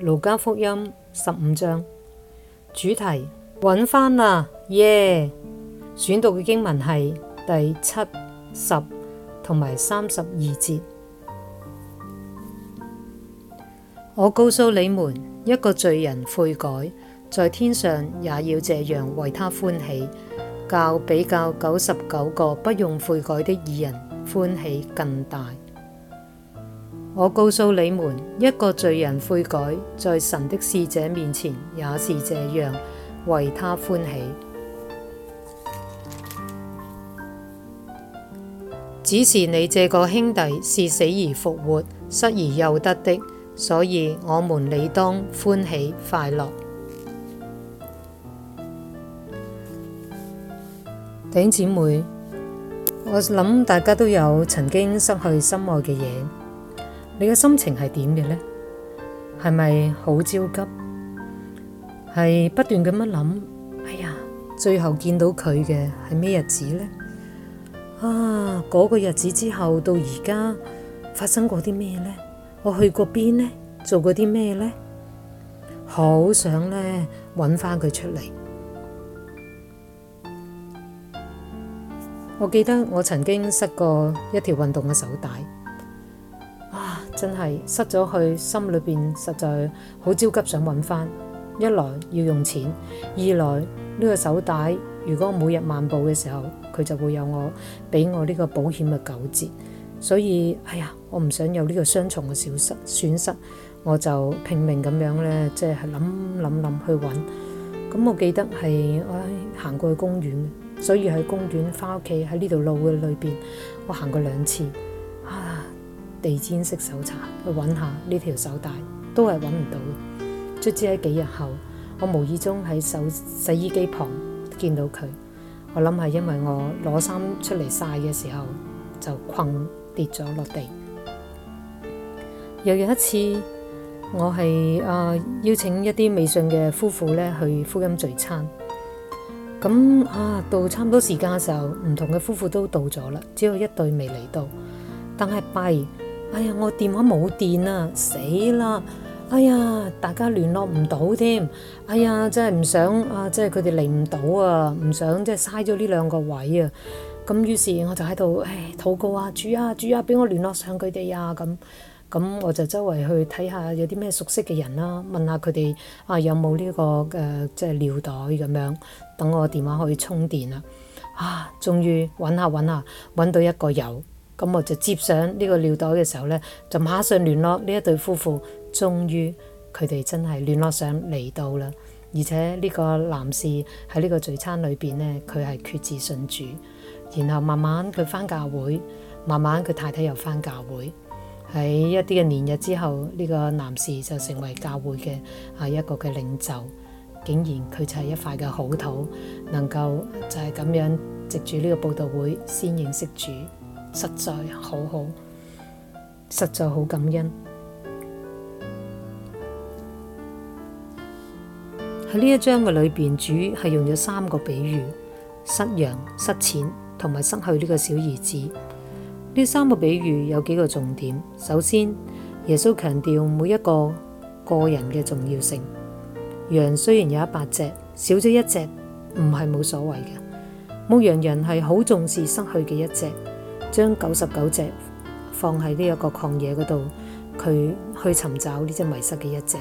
《路加福音》十五章主題：搵返喇耶！Yeah! 選讀嘅經文係第七、十同埋三十二節。我告訴你們，一個罪人悔改，在天上也要這樣為他歡喜，較比較九十九個不用悔改的義人歡喜更大。我告訴你們，一個罪人悔改，在神的使者面前也是這樣為他歡喜。只是你這個兄弟是死而復活、失而又得的，所以我們理當歡喜快樂。弟兄姊妹，我諗大家都有曾經失去心愛嘅嘢。你嘅心情係點嘅呢？係咪好焦急？係不斷咁樣諗，哎呀，最後見到佢嘅係咩日子呢？啊，嗰個日子之後到而家發生過啲咩呢？我去過邊呢？做過啲咩呢？好想呢揾返佢出嚟。我記得我曾經失過一條運動嘅手帶。真係失咗去，心裏邊實在好焦急，想揾翻。一來要用錢，二來呢個手帶，如果每日漫步嘅時候，佢就會有我俾我呢個保險嘅九折。所以哎呀，我唔想有呢個雙重嘅小失損失，我就拼命咁樣呢，即係諗諗諗去揾。咁我記得係唉、哎、行過去公園，所以喺公園翻屋企喺呢條路嘅裏邊，我行過兩次。地氈式搜查，去揾下呢條手帶，都係揾唔到。卒之，喺幾日後，我無意中喺手洗衣機旁見到佢，我諗係因為我攞衫出嚟曬嘅時候就困跌咗落地。又有一次，我係啊、呃、邀請一啲未信嘅夫婦咧去福音聚餐，咁啊到差唔多時間嘅時候，唔同嘅夫婦都到咗啦，只有一對未嚟到，但係拜。哎呀，我電話冇電啦，死啦！哎呀，大家聯絡唔到添，哎呀，真係唔想啊，即係佢哋嚟唔到啊，唔想即係嘥咗呢兩個位啊。咁於是我就喺度唉，禱、哎、告啊，主啊，主啊，俾、啊、我聯絡上佢哋啊。咁、嗯、咁、嗯、我就周圍去睇下有啲咩熟悉嘅人啦，問下佢哋啊有冇呢、這個嘅、呃、即係尿袋咁樣，等我電話可以充電啦。啊，終於揾下揾下揾到一個有。咁我就接上呢個尿袋嘅時候呢，就馬上聯絡呢一對夫婦。終於佢哋真係聯絡上嚟到啦，而且呢個男士喺呢個聚餐裏邊呢，佢係決志信主。然後慢慢佢返教會，慢慢佢太太又返教會。喺一啲嘅年日之後，呢個男士就成為教會嘅啊一個嘅領袖。竟然佢就係一塊嘅好土，能夠就係咁樣藉住呢個佈道會，先認識主。實在好好，實在好感恩。喺呢一章嘅裏邊，主係用咗三個比喻：失羊、失錢同埋失去呢個小兒子。呢三個比喻有幾個重點。首先，耶穌強調每一個個人嘅重要性。羊雖然有一百隻，少咗一隻唔係冇所謂嘅。牧羊人係好重視失去嘅一隻。將九十九隻放喺呢一個曠野嗰度，佢去尋找呢隻迷失嘅一隻。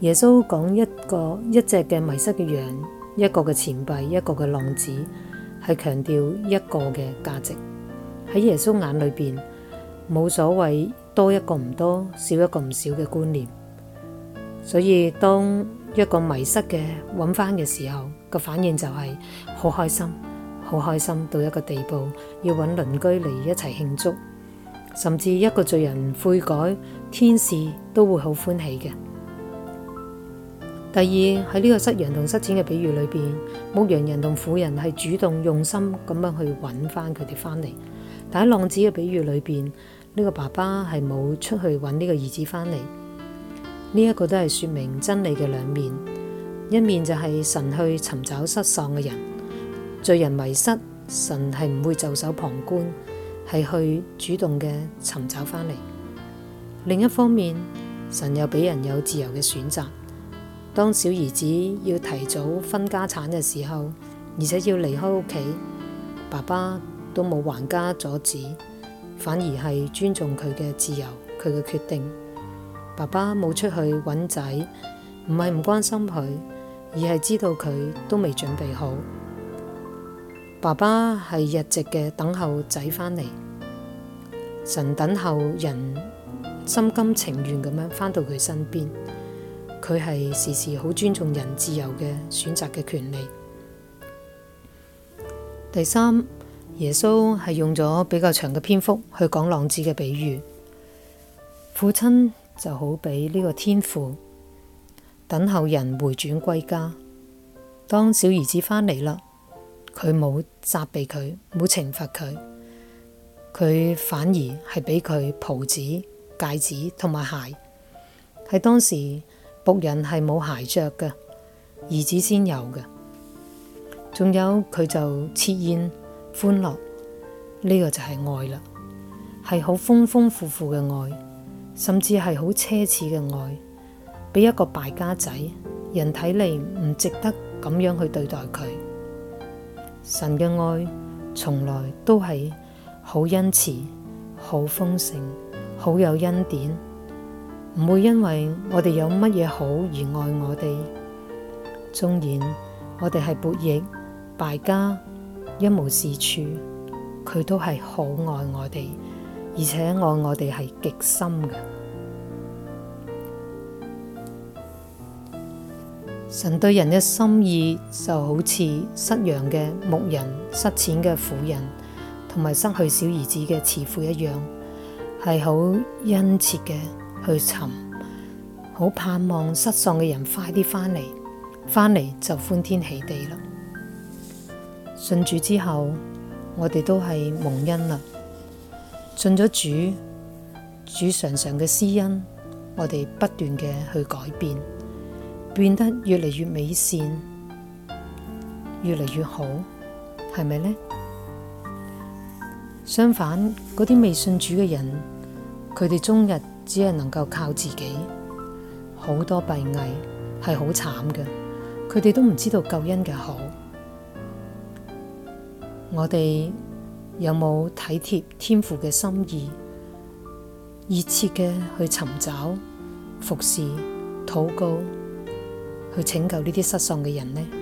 耶穌講一個一隻嘅迷失嘅羊，一個嘅錢幣，一個嘅浪子，係強調一個嘅價值。喺耶穌眼裏邊冇所謂多一個唔多，少一個唔少嘅觀念。所以當一個迷失嘅搵返嘅時候，個反應就係、是、好開心。好開心到一個地步，要搵鄰居嚟，一齊慶祝，甚至一個罪人悔改，天使都會好歡喜嘅。第二，喺呢個失羊同失錢嘅比喻裏邊，牧羊人同婦人係主動用心咁樣去搵翻佢哋返嚟，但喺浪子嘅比喻裏邊，呢、這個爸爸係冇出去搵呢個兒子返嚟，呢、這、一個都係說明真理嘅兩面，一面就係神去尋找失喪嘅人。罪人迷失，神係唔會袖手旁觀，係去主動嘅尋找返嚟。另一方面，神又俾人有自由嘅選擇。當小兒子要提早分家產嘅時候，而且要離開屋企，爸爸都冇橫加阻止，反而係尊重佢嘅自由，佢嘅決定。爸爸冇出去揾仔，唔係唔關心佢，而係知道佢都未準備好。爸爸係日直嘅等候仔返嚟，神等候人心甘情願咁樣返到佢身邊，佢係時時好尊重人自由嘅選擇嘅權利。第三，耶穌係用咗比較長嘅篇幅去講浪子嘅比喻。父親就好比呢個天父，等候人回轉歸家。當小兒子返嚟啦。佢冇責備佢，冇懲罰佢，佢反而係畀佢袍子、戒指同埋鞋。喺當時僕人係冇鞋着㗎，兒子先有㗎。仲有佢就設宴歡樂，呢個就係愛啦，係好豐豐富富嘅愛，甚至係好奢侈嘅愛，俾一個敗家仔人睇嚟唔值得咁樣去對待佢。神嘅愛從來都係好恩慈、好豐盛、好有恩典，唔會因為我哋有乜嘢好而愛我哋。縱然我哋係叛逆、敗家、一無是處，佢都係好愛我哋，而且愛我哋係極深嘅。神對人嘅心意就好似失羊嘅牧人，失錢嘅婦人，同埋失去小兒子嘅慈父一樣，係好殷切嘅去尋，好盼望失喪嘅人快啲翻嚟，翻嚟就歡天喜地啦。信主之後，我哋都係蒙恩啦。信咗主，主常常嘅私恩，我哋不斷嘅去改變變得越嚟越美善，越嚟越好，係咪呢？相反，嗰啲未信主嘅人，佢哋終日只係能夠靠自己，好多閉翳係好慘嘅，佢哋都唔知道救恩嘅好。我哋有冇體貼天父嘅心意，熱切嘅去尋找、服侍、禱告？去拯救呢啲失喪嘅人呢？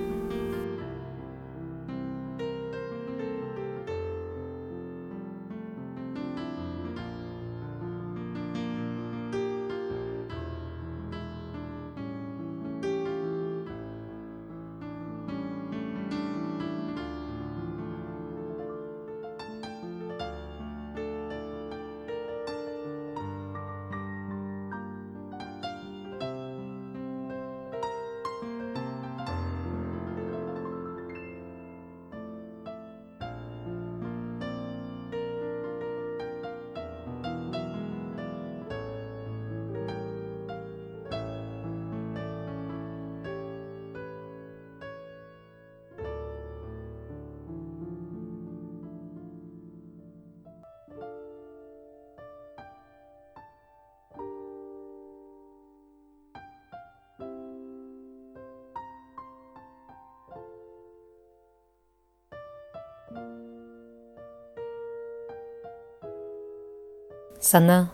神啊，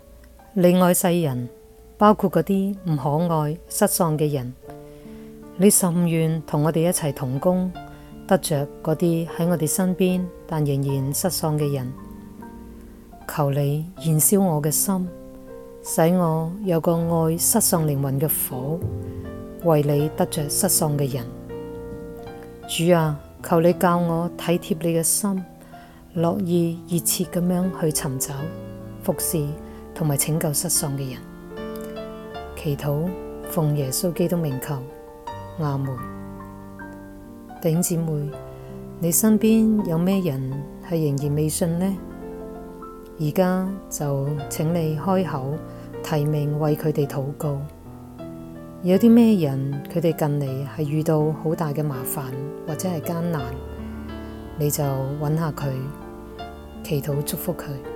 你愛世人，包括嗰啲唔可愛、失喪嘅人，你甚願同我哋一齊同工，得着嗰啲喺我哋身邊但仍然失喪嘅人。求你燃燒我嘅心，使我有個愛失喪靈魂嘅火，為你得着失喪嘅人。主啊，求你教我體貼你嘅心，樂意熱切咁樣去尋找。服侍同埋拯救失喪嘅人，祈禱奉耶穌基督名求。阿門。弟兄姊妹，你身邊有咩人係仍然未信呢？而家就請你開口提名為佢哋禱告。有啲咩人，佢哋近嚟係遇到好大嘅麻煩或者係艱難，你就搵下佢，祈禱祝福佢。